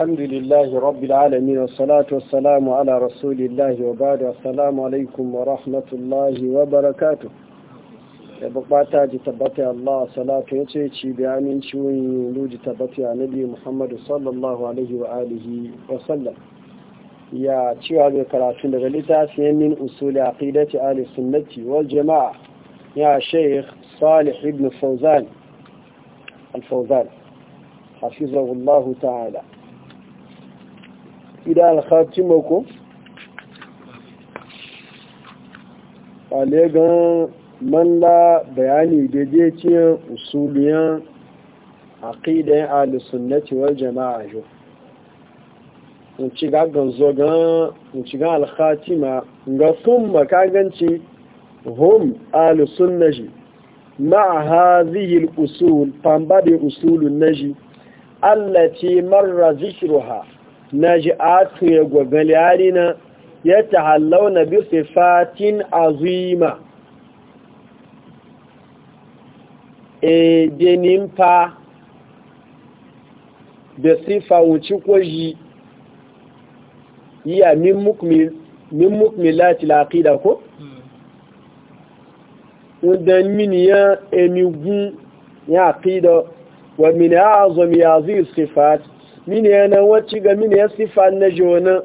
الحمد لله رب العالمين والصلاة والسلام على رسول الله وبعد السلام عليكم ورحمة الله وبركاته bukata ji tabbata Allah salatu ya ce ci bi amincin luji tabbata ya nabi Muhammadu sallallahu alaihi wa alihi ya cewa da karatu daga littafin min usuli aqidati ahli sunnati wal jamaa ya Sheikh Salih ibn Fawzan al-Fawzan حفظه الله تعالى ila alhatima ko ale gan man la bayani daidai ce usuliyan aqidan al-sunnati wal jama'a jo in ci ga ganzo gan in ci ga al-khatima ga ka hum al-sunnati ma'a hadhihi usul famba de usulun naji allati marra zikruha na ji atu ya gwagali ya ya hallau na bi sifatin azuima e denin fa da sifa wuci kwaji a min mukmilati laƙida ko? wadda hmm. mini ya emigun ya aƙida wa mini ya azomi ya yi sifati mini yana wacce ga mini ya sifa na jona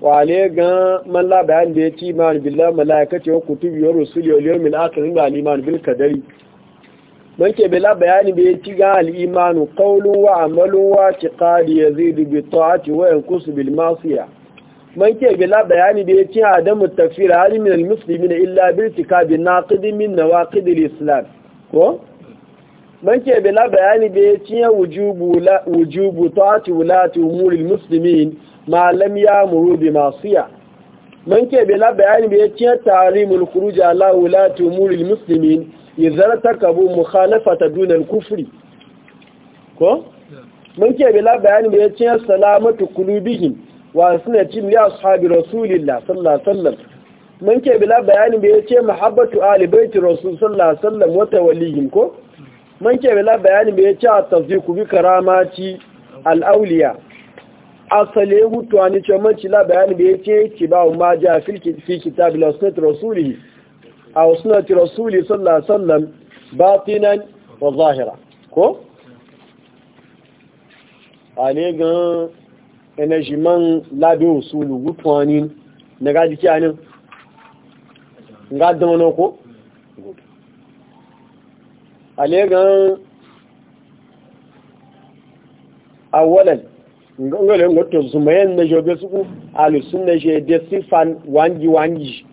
wale ga malla bayan da ya ci ma'an billah malaikati wa kutubi wa rusuli wa liyomin akirin ga al'iman bil kadari don ke bela bayani da ya ci ga al'imanu kaulu wa amalu wa tiqadi yazidu bi ta'ati wa yanqusu bil masiya man ke bela bayani da ya ci adamu tafsir alimin al muslimin illa bil tikabi naqidi min nawaqid al islam ko manke bela bayani bai cinye wujubu ta'ati wulati umuril muslimin ma lam ya'muru bi masiya manke bela bayani bai cinye tarimul khuruj ala wulati umuril muslimin idan takabu mukhalafata dun al-kufri ko manke bela bayani bai cinye salamatu qulubihim wa sunnati li ashabi rasulillah sallallahu alaihi wasallam manke bela bayani bai cinye mahabbatu ali baiti rasul sallallahu alaihi ko man ke bela bayani mai ci a tafi ku bi karamaci al'auliya asali hutuwa ni ce man la bayani mai ce ki ba ma ja fi kitabi la sunat rasuli a sunat rasuli sallallahu batinan wa zahira ko ale gan energy labe usulu alegan awalan ngolin goto zumayen na jobe suku alusun na je de sifan wangi wangi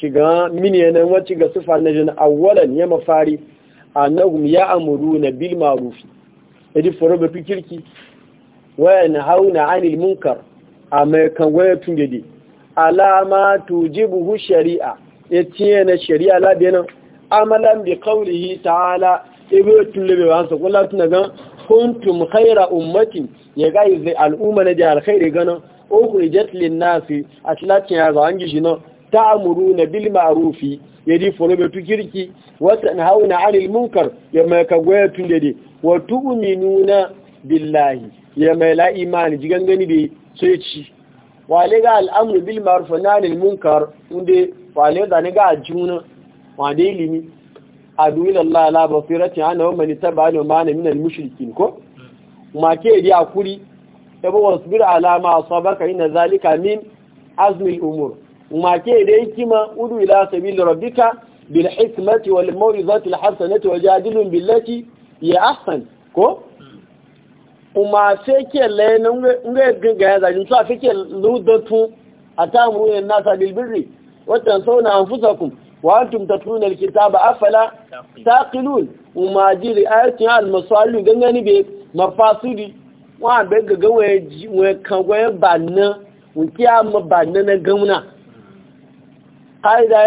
ciga mini yana wacce ga sifan na jin awalan ya mafari annahum ya amuru na bil ma'ruf idi foro be fikirki wa hauna 'anil munkar amma kan waya tungede alama tujibu shari'a yace na shari'a labiyanan amalan bi qawlihi ta'ala ibe tulle be wansa kullu tun ga kuntum khayra ummatin ya ga izai al'umma na jihar khairi gana ukhrijat lin nasi atlatin ya ga angi shi ta'muruna bil ma'rufi yadi foro be tu wa tanhauna 'anil munkar ya mai ka goya tun dede wa tu'minuna billahi ya mai la imani jigan gani be sai ci wale ga al'amru bil ma'ruf wa 'anil munkar unde wale da ne ga ajuna wanda ilimi adu ila Allah la basirati ana wa man tabi'ani ma ana minal mushrikin ko ma ke di akuri yabo wasbir ala ma asabaka inna zalika min azmi al-umur ma ke da hikima udu ila sabil rabbika bil hikmati wal mawizati al hasanati wajadilhum billati ya ahsan ko kuma sai ke lena nga ganga ya zalin so afike ludatu atamru an nasa bil birri wa tansawna anfusakum وانتم تتلون الكتاب افلا تعقلون وما جري ايات المصالح غنغني بي مفاسدي وان بيغا غوي وكان غوي بانا وكيا مبانا نغمنا قاعدة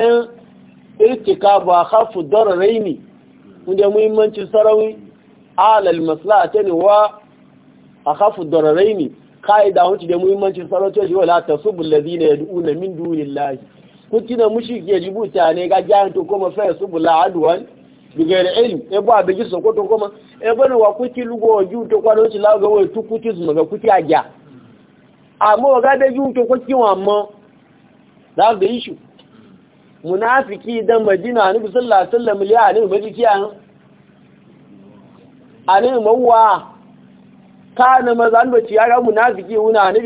ارتكاب وخف الضررين وده مهمنش سروي على المصلحه و أخاف الضررين قاعده هونش ده مهمنش سروي ولا تسب الذين يدعون من دون الله kutina mushiki yajibuta ne ga jahan to kuma fa yasubula adwan bigayar ilm ebo abegi sokoto kuma ebo ne wa kuti lugo oju to kwa do la go we tu kuti zuma ga kuti aja amo ga de wa mo that's the munafiki dan madina annabi sallallahu alaihi wasallam ya annabi majiki an annabi mawwa kana mazan ya munafiki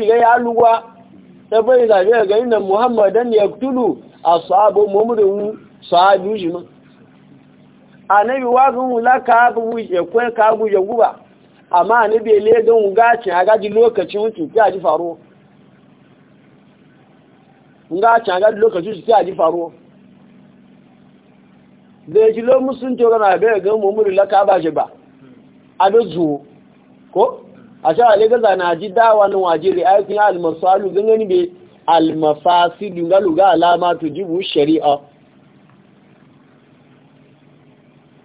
ga ya lugwa tabbai zabe ga ganin nan muhammadan ya tulu ashabu mumrin sahabu shi ma anabi wa gun wula ka bu je ko ka bu je guba amma anabi le don gaci aga di lokacin wuce ki aji faro ngaci aga di lokacin wuce ki aji faro da ji lo musun to ga na be ga mumrin la ka ba je ba abe zuwo ko a sha gaza na ji dawa nan waje da aikin almasalu gangani bai almafasidu ga luga alama to ji jibu shari'a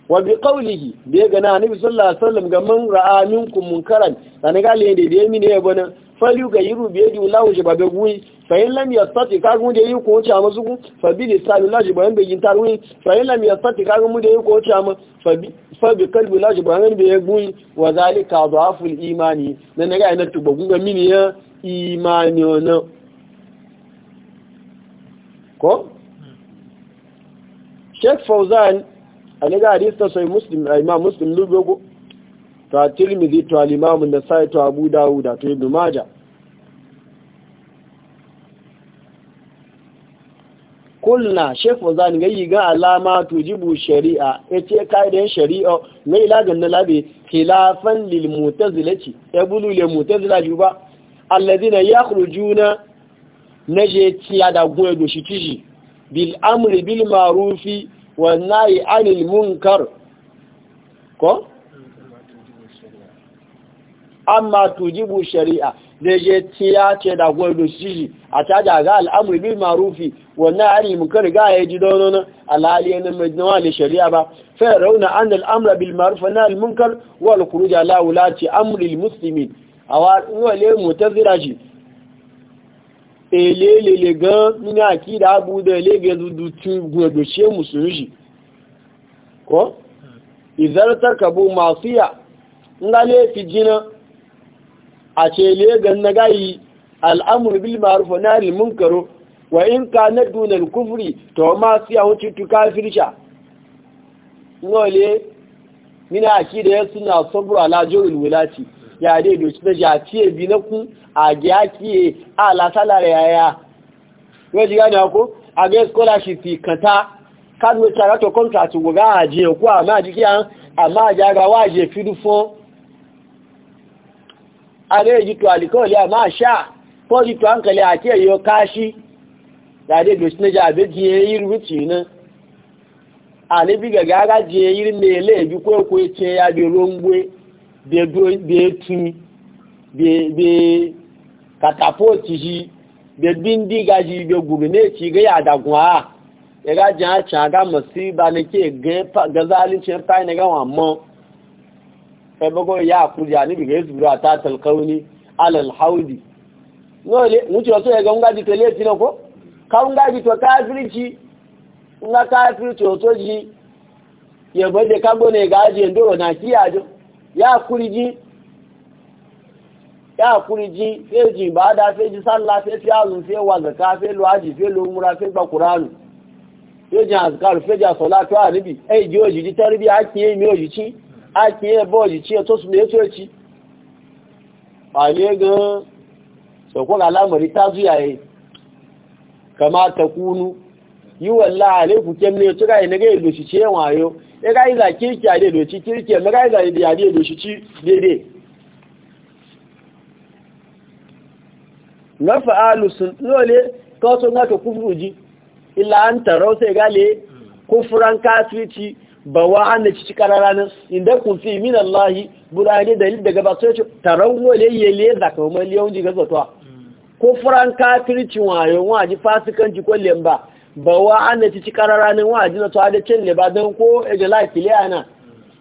wa bi qawlihi da ya gana annabi sallallahu alaihi wasallam ga man ra'a minkum munkaran dan da da mini ya bana fali ga yiru biye di lawo je babe gui fa lam yastati ka gun yi ko cha mazu gu fa bi li salu la je be tarwi fa in lam sati ka gun de yi ko cha ma fa bi kalbi la je ban be gui wa zalika dhafu imani nan ne ga ina tuba mini ya imani ona ko Sheikh Fauzan a ga hadisi sai Muslim Imam Muslim to tirmidhi to al-imam an-nasa'i to abu dawud to ibn majah kulna shefu zani ga yi ga alama tujibu shari'a yace kaidan shari'a ne ilagan na labe khilafan lil mutazilati yabulu lil mutazila juba alladhina yakhrujuna naje tiya da goye do shi bil amri bil ma'rufi wan nahi anil munkar ko amma tujibu shari'a da je tiya ce da gwardo shi a caja ga al'amuri bil marufi wannan ari mun kar ga yaji donon alali na majnawa da shari'a ba fa rauna an al'amra bil ma'ruf wa al munkar wal khuruj ala ulati amri al muslimin awa wale mutazira shi elele le gan nina da abu da le ga dudu tun gwardo she musulmi ko idan tarkabu masiya ngale fi jina a ce legan na gayi al'amur bil ma'rufu na wa in ka na dunar kufri to ma su yawon cutu kafirsha nole nina aki da ya suna sabu alajorin wulaci ya dai doci da jafiye bi na ku a gyakiye a lasalar yaya wajen gani ko a ga scholarship fi kanta kanu tare to contract wuga a je ku a ma jikiya amma jagawa je fidu fon aga ji to alikoli ma sha ko ji to hankali a ke yo kashi da dai doshi na jabe ji yi rubuci na alibi ga gaga ji yi ne le bi ko ko ce ya bi rongwe be do be tu be be katapoti ji be bindi ga ji be gubine ci ga ya da gwa e ya ga ji a cha ga musiba ne ke ga ga zalincin fa ne ga wa mo sai ya kuri ya nibi ga yesu bura ta haudi nole mutu ya ga ngaji to ngaji to ji ya ga ndoro na kiyajo ya kuri ji ya kuri ji ji ba da sai ji sallah fi azun sai wa ji azkar ji salatu a ji ji tarbiya mi oji chi. ake yi bọ́ọ̀lì tí ẹ tó sùn lẹ́tọ́ ẹ̀kí pàlẹ́ gan sọ̀kọ́ alámọ̀rí ya ẹ̀ kama takunu yiwon láàrẹ́ kù kẹ́ mẹ́ tó ráyẹ̀ nẹ́rẹ́ ìlòṣì tí ẹwọ̀n ayọ́ ẹráyìzà adị àdé ìlòṣì kíríkì ẹmẹ́ráyìzà ìdè alụsụ ìlòṣì tí dédé lọ́fà alùsùn lóòlẹ́ ba wa an da cici kararanin inda kun fi min Allah burane dalil daga gaba sai taron wale yele da kamar liyon ji gazatuwa ko furan kafirci wayo waji fasikanci ko lemba ba wa an da cici kararanin waji na tawa da cin leba don ko eje le ana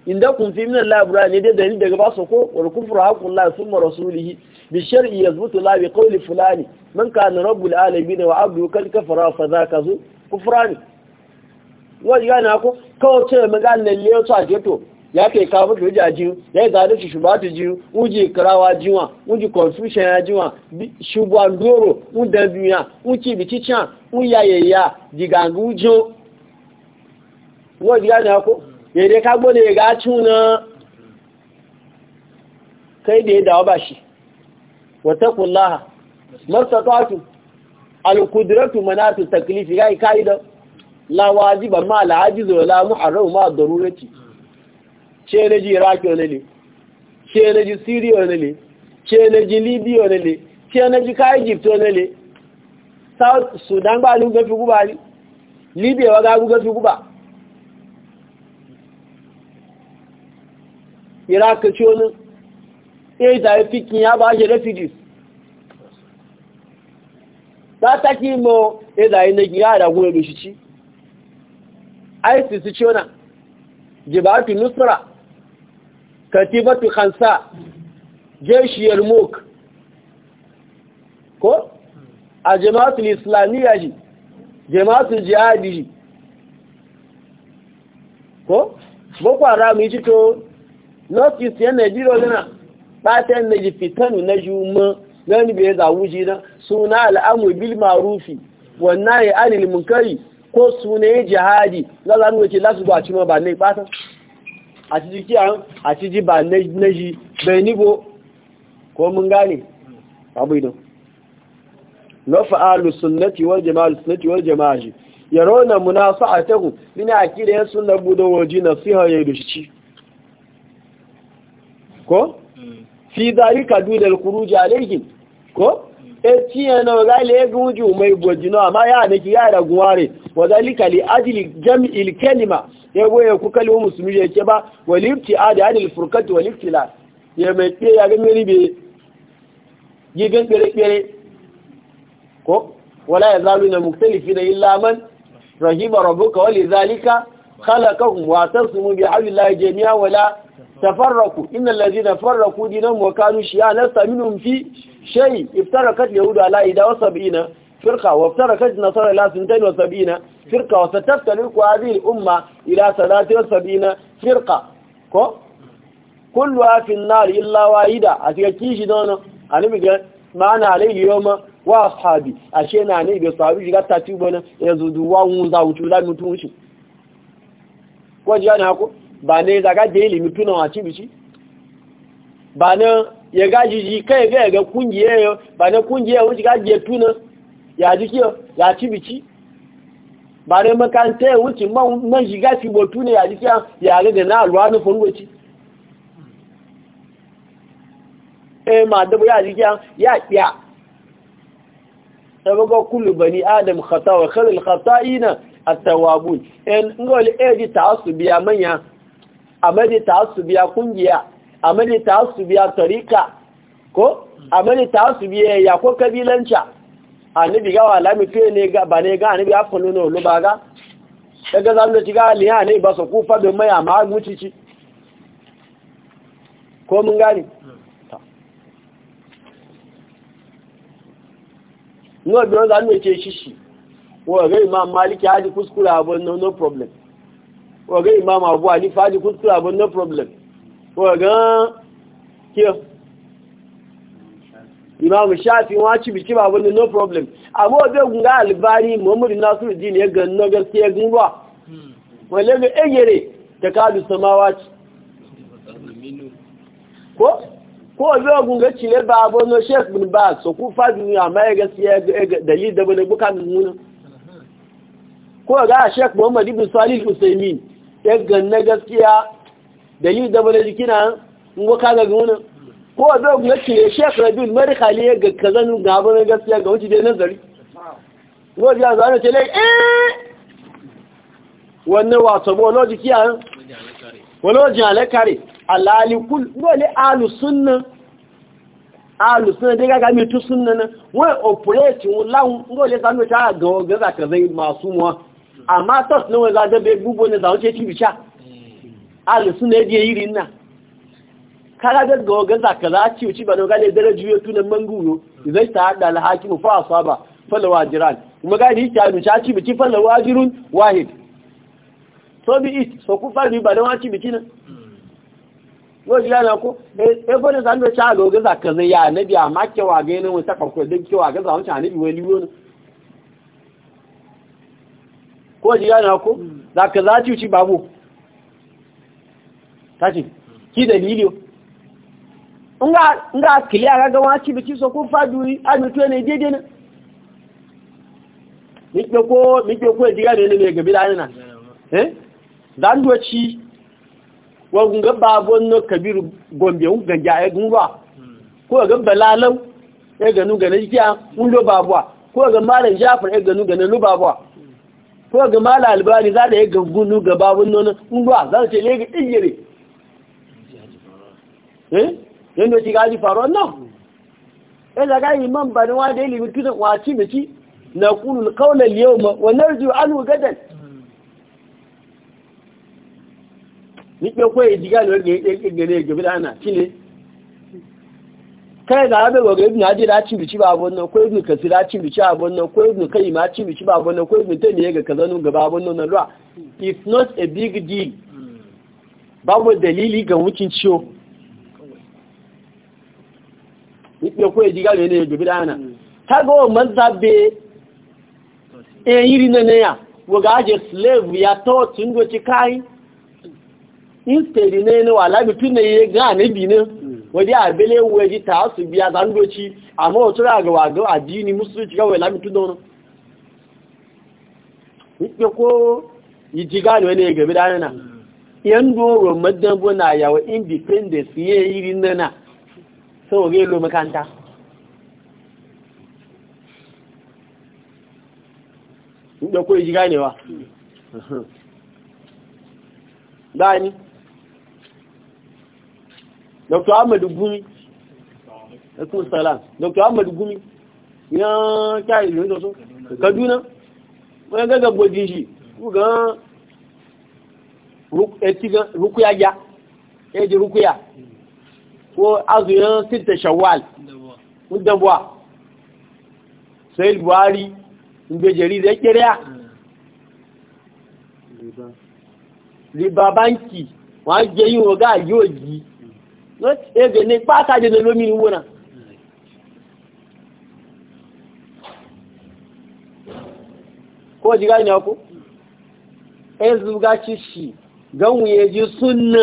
inda kun fi min Allah burane da dalil gaba so ko wal kufru haqqullah summa rasulih bi shar'i yazbutu la bi qawli fulani man kana rabbul alamin wa abdu kal kafara fa zakazu kufrani wọ́n yíká náà kó kọ́ tó ẹ̀mẹ́ gánà lé ọ́tọ́ àjẹ́tò yàtọ̀ ìka fún ìrìnjà jíun lẹ́yìn tàbí ṣùṣùbá ti jíun ń jí ìkarawa jíwọ̀n ń jí ya jíwọ̀n ṣubú àndóró ń dẹ̀bù yàn ń tí ya wọ́n yíká náà kó yèrè náà kéde ìdáwọ́ bá ṣe wọ́tẹ́kùnláhà la wajiba ma la ajizu la muharram ma darurati ce ne ji iraki ne ne ce ne ji syria ne ne ce ne ji libya ne ne ce ne ji kai egypt ne ne south sudan ba lu ga fi guba ne, libya wa ga ga fi guba iraki ce ne eh da e fikin ya ba je refugees ta taki mo eh da ina gi ya da gure isis ciona jibatu nusra katibatu khansa jeshi yarmouk ko a jama'atul islamiyya ji jama'atul jihadi ji ko boko haram yi to north east yan nigeria lana batan na ji fitanu na juma na ni bai zawuji na suna al'amu bil marufi wannan ya anil munkari ko sune jihadi za za nuna ce lati gba cimo ba ne fata a ci jiki an a ci ji ba na ji bai nigo ko mun gane abu idan na fa'alu sunnati wal jama'a sunnati wal jama'a ji yaro na muna sa'atahu mini akida ya sunna budo waji na siha ya yi ko hmm. fi zari ka dudar kuruji alaikin ko etiye na gali egun ju mai bojino amma ya nake ya da guware wadalika li ajli jam'il kalima ya goye ku kalmu musulmi yake ba walibti ada adil furqat walibtila ya mai ke ya ga miri be gigan kere kere ko wala yazaluna muktalifina illa man rahima rabbuka walidhalika khalaqahum wa tasmu bi hablillahi jami'a wala tafarraqu innal ladhina farraqu dinahum wa kanu shi'a lasta minhum fi shayi iftarakat yahudu ala ida nasara ila sintain wa sab'ina firqa wa umma ila salati wa sab'ina firqa ko kullu fi an-nar illa wahida ba ya gaji ji kai ga ga kungiye yo ba na kungiye wuce gaji ya tuna ya ji kiyo ya ci bici ba na makanta ya wuce man shiga ci botu tuna ya ji kiyo ya ga da na alwa na faruwaci eh ma da ya ji kiyo ya kiya sabaga kullu bani adam khata wa khairul khata'ina at-tawwabun en ngol e su biya manya amadi biya kungiya amali ta su biya tarika ko amali ta su biya ya ko kabilanca annabi ga walami fe ne ga ba ne ga annabi a kullu no lu baga daga zan da tiga ali ne ba su kufa da mai amma mucici ko mun gani no biyo zan ne ce shishi wa ga imam maliki haji kuskura abun no problem wa ga imam abu ali fadi kuskura abun no problem wagan kiyo imamu shafi wa ci biki ba wani no problem Abu obe gunga albani muhammadu nasiru dini ya ga no gaskiya gunwa wale ga egere ta kadu samawa ci ko ko obe gunga cile ba wani shek bin ba so ku fadi amma ya gaskiya dalil da bane bukan nuna ko ga shek muhammadu bin salih usaimin ya ga na gaskiya dalil da bane jikina ngo ga gona ko da ya ce mara kali ya ga kazanu gaba na gaskiya ga wuce dai nazari wajen ya zane ce lai eh wannan wato bolo jikiya wala jale kare alali kul alusunan alusunan dai gaga mai tusunan sunna wani wai operate won lawun dole sanu ta ga ga za ka zai masu mu amma tos ne wani za da be gubo ne za wuce tibicha alisu na yadda yi rinna kaga gaggawa ga zaka za a ci uci ba da gane dare juyo tunan manguro zai ta hada mu fa asaba falawa jiran kuma ga ni ta nuca ci biki falawa jirun wahid so bi it so ku fari ba da waci biki nan ko jira na ko e ko ne zan ci alo ga zaka zai ya nabi amma kewa ga ne mun ta farko din kewa ga zan ci annabi wani wani ko jira na ko zaka za ci uci babu tashi ki dalili nga nga kiliya ga a ci biki so ko faduri a mutu ne dede ne mike ko mike ko diga ne ne ga bidani na eh dan doci wa gunga babon no kabiru gombe un ga jaye gunwa ko ga balalau e ga nu ga ne kiya un lo babwa ko ga malam jafar e ga nu ga ne lu babwa ko ga malam albani za da e ga gunu ga babon nono un lo za ta le ga tijire Eh? yadda eh, ci gaji faruwa nan ya zaga yi man bani wa da ilimin tunan waci miki na kunun kaunar yau ma wannan rijiyo an wugadan nike kwaye jiga ne wanda ya gane ya gabi da ana ci ne kai da abin wa gabi na je da ci bici ba abun nan ko ibn kasi da ci bici abun nan ko ibn kai ma ci bici ba abun nan ko ibn tai ne ga kazanu gaba abun nan ruwa it's not a big deal hmm. babu dalili ga wucin ciwo nípe kó èjìgá lè ní ẹgbẹ̀bẹ̀ dáyànà tágọ́ ọmọ zábẹ̀ ẹ̀yìn nínú ya wọ́gá jẹ́ slave ya tọ́ọ̀tí ń gọ́chí káyí instead nínú wà lábìtú na iye gáà níbi ní wọ́dí àbẹ́lẹ̀ wẹ́jì tààsù na independence yẹ́ ìrìn náà so oge lo makanta da ko ji ganewa dani dr ahmadu gumi ẹkùn salam dr ahmadu gumi yan kyari ìlú ìtọ́sọ́ kaduna wọ́n gẹ́gẹ́ gbogbo jì gan ẹtí gan rukuya ya ẹjì rukuya ko azuyin sita shawwal mudan buwa sai buhari inda jari zai kiriya riba banki wọ́n jẹ́ yíò ọgá yóò yí ẹgbẹ̀ ní pàtàkì jẹ́ lómi Ko wọ́n kó jígá ní ọkú ẹzùgá shi. gánwò yẹ jí súnnà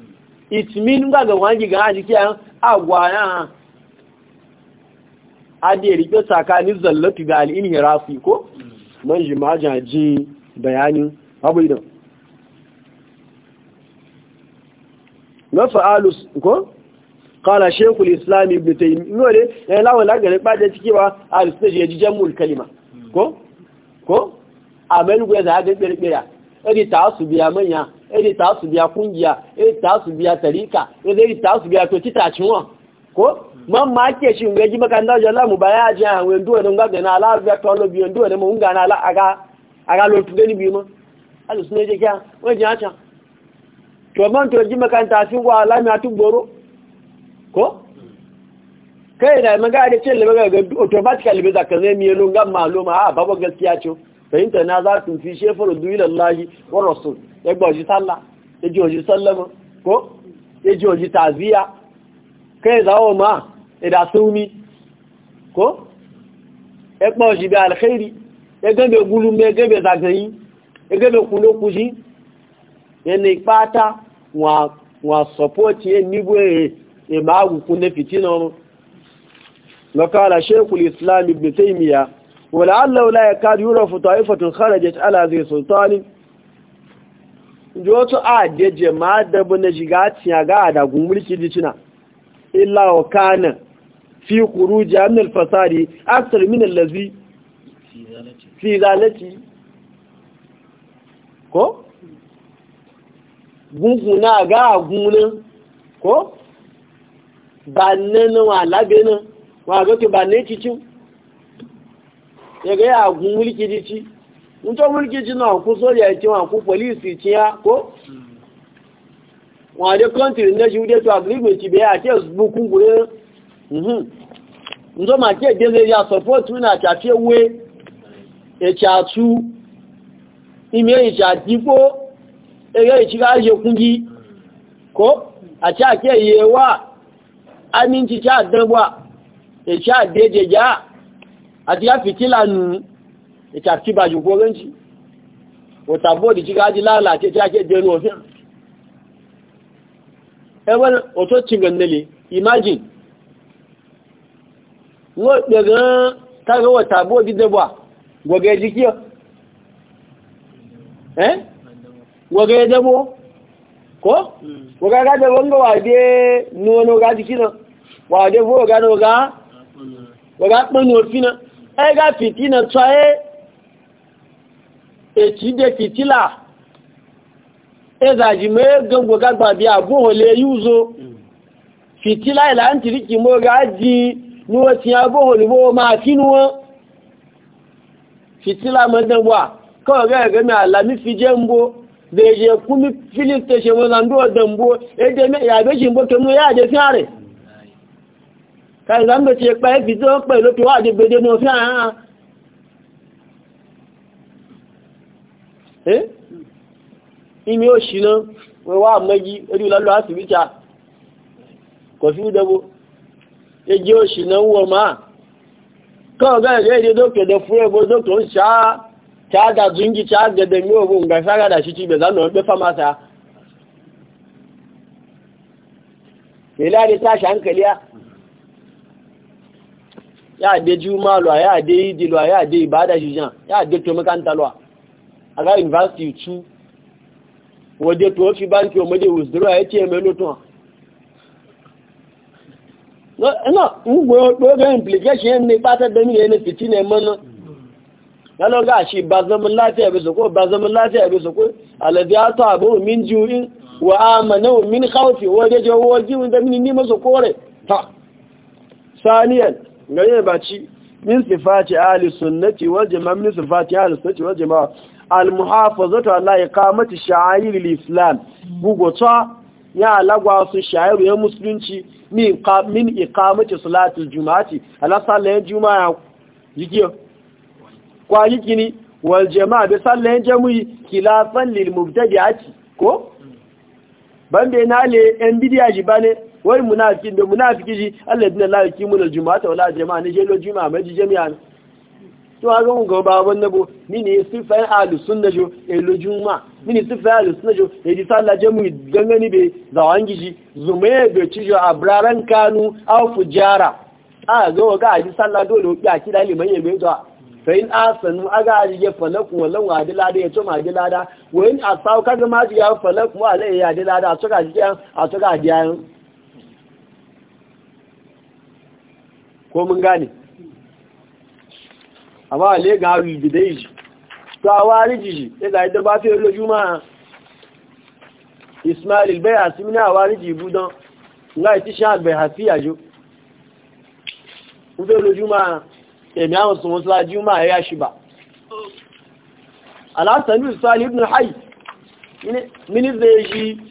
it mean nga ga wangi ga aji kiya agwa ya ade rike tsakanin zallatu da al-inhirafi ko man jima'a ji bayanin abu idan na fa'alus ko kala shekul islami ibn taimi nore eh, ya yi lawan lagari ɓada ciki ba a rikici ya ji jamul kalima ko ko a mai lugu ya zaga ƙirƙira ɗari ta su biya manya eri ta su biya kungiya eri ta su biya tarika eri ta su biya to tita ciwon ko man ma ke shi ga ji maka ndaje la mu baya ji a wen duwa don na ala ga to lo mu ga aga aga lo tu gani biyo Allah je kya wai ji acha to man to ji maka ta wa mi atu ko kai da maga da ga automatically be fahimta na za su fi shefar duwila lahi wa rasul ya gba oji sallah ya ji oji sallama ko ya ji oji taziya kai zawo ma ida sumi ko ya gba oji bi alkhairi ya gabe gulun ya gabe zagayi ya gabe kulo kuji ya ne pata wa wa support ya nigo ya magu kunne fitina no kala shekul islam ibn taymiya wala'allahu la yakadu yurafu ta'ifatun kharajat ala zai sultani ji wasu a da jama'a da na shiga tiya ga adagun mulki jicina illa wa kana fi khuruji min al-fasadi akthar min allazi fi zalati ko gunguna ga agunan ko ba nan wa labe nan wa ga ke ba ne cikin ya ga ya gun mulki to mulki ji na ku soja ci wa polisi police ci ko wa de country na jude to agreement ci be ya ke bukun gure mhm nzo ma ke de ya support na ta fi we e cha tu ime icha e dipo ege ichi e kungi ko a àti yá fìtílà nù ìtàkìbàjù gbọ́gẹ́ǹtì òtàbọ́ọ̀dì tí káàdì láàlá àti ta dẹnu ọ̀fẹ́ ẹwọ́n ọ̀tọ́ ti gẹ̀nẹ̀lẹ̀ imagine wọ́n pẹ̀rẹ̀ káàkiri òtàbọ́ọ̀dì dẹ́bọ̀ gbọ̀gẹ́ jíkí ẹ́ gbọ̀gẹ́ dẹ́bọ̀ kó gbọ̀gẹ́ dẹ́bọ̀ ń gbọ́ wà dé nú ọ̀nà ọ̀gá jíkí náà wà dé fún ọ̀gá náà ọ̀gá pẹ̀lú òfin náà ẹgá fìtínà tọ́ẹ́ ètìdẹ fìtílà ẹzàjìmọ́ gbogbogbà bí àbúhòlé yúzo fìtílà ìlà ń tìríkì mọ́ rá jí ní wọ́n ti àbúhòlé wọ́n máa kí ní wọ́n fìtílà mọ́dẹ́wà kọ́ọ̀rẹ́ ẹ̀gẹ́mẹ́ àlàmí fi jẹ́ ẹ̀rọ ń pẹ́ fi tó ń pẹ̀ ló fi wá àdégbèdé ní òfin àárín eh imi o ṣì náà wọ́n wá àmọ́jí orí lọ́lọ́ àsìbíta kò sí ìdẹ́gbó ẹjẹ́ o ṣì náà wọ́n máa kọ́ọ̀gá ẹ̀rẹ́ èdè dókèdè fún zungi ṣáàgẹ̀dẹ̀ ní òwò ǹgbà ṣáàgàdà sí ti bẹ̀zá náà gbé fámásá ya de juma lo ya de idi lo ya de ibada jijan ya de to makanta lo aga university tu wo de to fi banki o mede withdraw ya ti me lo ton no no wo do ga implication ne pata de mi ne fitina mo no lalo ga shi ba zaman lafiya bisa ko ba zaman lafiya bisa ko alladhi atabu min ju'in wa amanu min khawfi wa jawaji wa min ni maso kore ta saniyan ganye ba ci min sifati ahli sunnati wal jama'a min sifati ahli sunnati wal jama'a al muhafazatu ala iqamati sha'air al islam ta ya lagwa su sha'iru ya musulunci min min iqamati salatul juma'ati ala sallan juma'a yikiyo kwa yikini wal jama'a bi sallan jamui kilafan lil mubtadi'ati ko bande na le en bidiya jibane wai munafiki da munafiki ji Allah ibn Allah yake mun aljumata wala jama'a ne jelo juma'a mai ji jami'a to a ga mun ga baban nabo ni ne sifai ahlus sunna jo elo juma'a ni ne sifai ahlus sunna jo e di sallah je jamu gangani be zawangi ji zumaye be ci jo abraran kanu aw fujara a ga ga a ji sallah dole ya kida liman zo zuwa fain asanu aga ji ya falaku wallan wa adila da ya to ma adila da wayin asau kaga ma ji ya falaku wallan ya adila da a tuka ji a tuka ji ko mun gane amma le ga haru bidai ji to a wari ji ji ya zai darba fiye da juma'a ismail bai a simini a wari ji budon nga iti shan bai hafi a jo fiye da juma'a emi awon sun wasu la juma'a ya shi ba alasani ismail ibn hai mini zai ji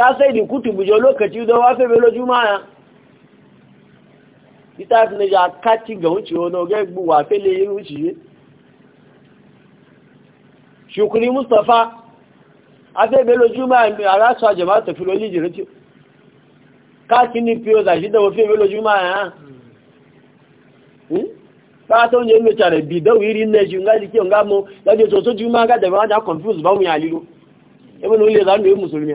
ka sai da kutubu jo lokaci da wafe belo juma'a ita fi na ja kati ga wuce wani oge gbu wafe le yi wuce yi shukuri mustapha afe belo juma'a mai ara su a jama'a tafi loli jirage káàkiri ní pí ó zàṣí dẹ̀wọ̀ fí olójúmọ́ àyà pàtàkì oúnjẹ ń mẹ́ta rẹ̀ bí ìdẹ́wò ìrí nẹ́jì ń gájí kí o ń soso mọ́ lọ́jọ́ tó tó confuse báwọn yà lílo ẹgbẹ́ ní ó lè zánú é e mùsùlùmí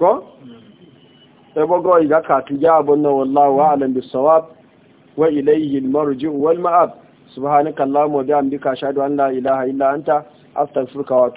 ko sai go iga katu ya abun nan wallahu wa alam bisawab wa ilayhi almarji'u wal ma'ab subhanakallahumma wa bihamdika ashhadu an la ilaha illa anta astaghfiruka wa